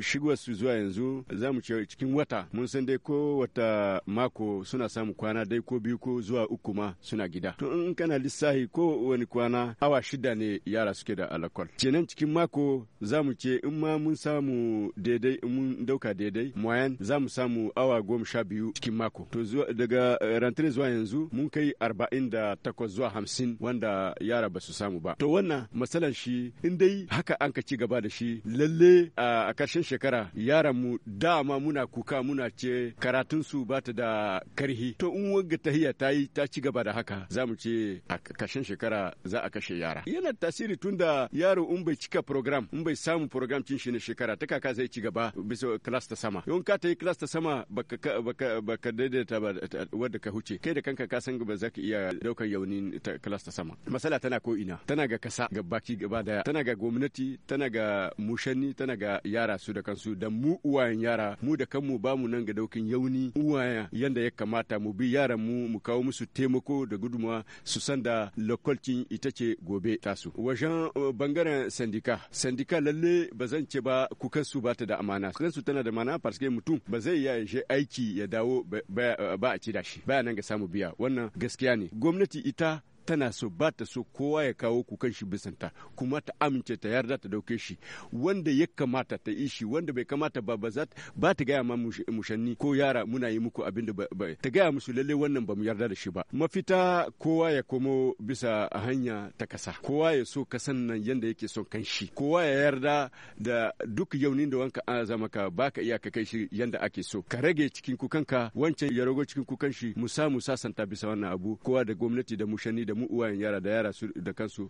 shigowar su zuwa yanzu za mu ce cikin wata mun san dai ko wata mako suna samu kwana dai ko biyu ko zuwa uku ma suna gida to in kana lissahi ko wani kwana awa shida ne yara suke da alakol kenan cikin mako za mu ce in ma mun samu daidai mun dauka daidai moyen za mu samu awa goma sha biyu cikin mako to daga rantare zuwa yanzu mun kai arba'in da takwas zuwa hamsin wanda yara ba su samu ba to wannan matsalan shi in dai haka an ka ci gaba da shi lalle a ƙarshen shekara yaran mu dama muna kuka muna ce karatun su ba da karhi to in wanga tahiya ta yi ta ci gaba da haka za mu ce a kashin shekara za a kashe yara yana tasiri tunda yaro in bai cika program in bai samu program cin shi na shekara ta kaka zai ci gaba bisa class ta sama in ka ta yi class ta sama baka daidaita ba wadda ka huce kai da kanka ka san ba za ka iya daukan yaunin class ta sama masala tana ko ina tana ga kasa ga baki gaba daya tana ga gwamnati tana ga mushanni tana ga yara su da kansu dan mu uwayen yara mu da kanmu ba mu nan ga daukin yauni uwaya yanda ya kamata mu bi yaran mu mu kawo musu taimako da gudumawa su san da lokacin ita ce gobe tasu wajen uh, bangaren sandika sandika lalle ba zan ce ba kukan su ba ta da amana kukan su tana da mana parce mutum ba zai ya yaje aiki ya dawo ba a ci da shi baya nan ga samu biya wannan gaskiya ne gwamnati ita tana so ba ta so kowa ya kawo kukan shi bisanta kuma ta amince ta yarda ta dauke shi wanda ya kamata ta ishi wanda bai kamata ba ba ba ta gaya ma mushanni ko yara muna yi muku abin da ba ta gaya musu lalle wannan ba mu yarda da shi ba mafita kowa ya komo bisa hanya ta kasa kowa ya so kasan nan yanda yake son kanshi kowa ya yarda da duk yaunin da wanka an zama ka baka iya ka kai shi yanda ake so ka rage cikin kukanka wancan ya rago cikin kukan shi mu samu sasanta bisa wannan abu kowa da gwamnati da mushanni da mu uwayen yara da yara da kansu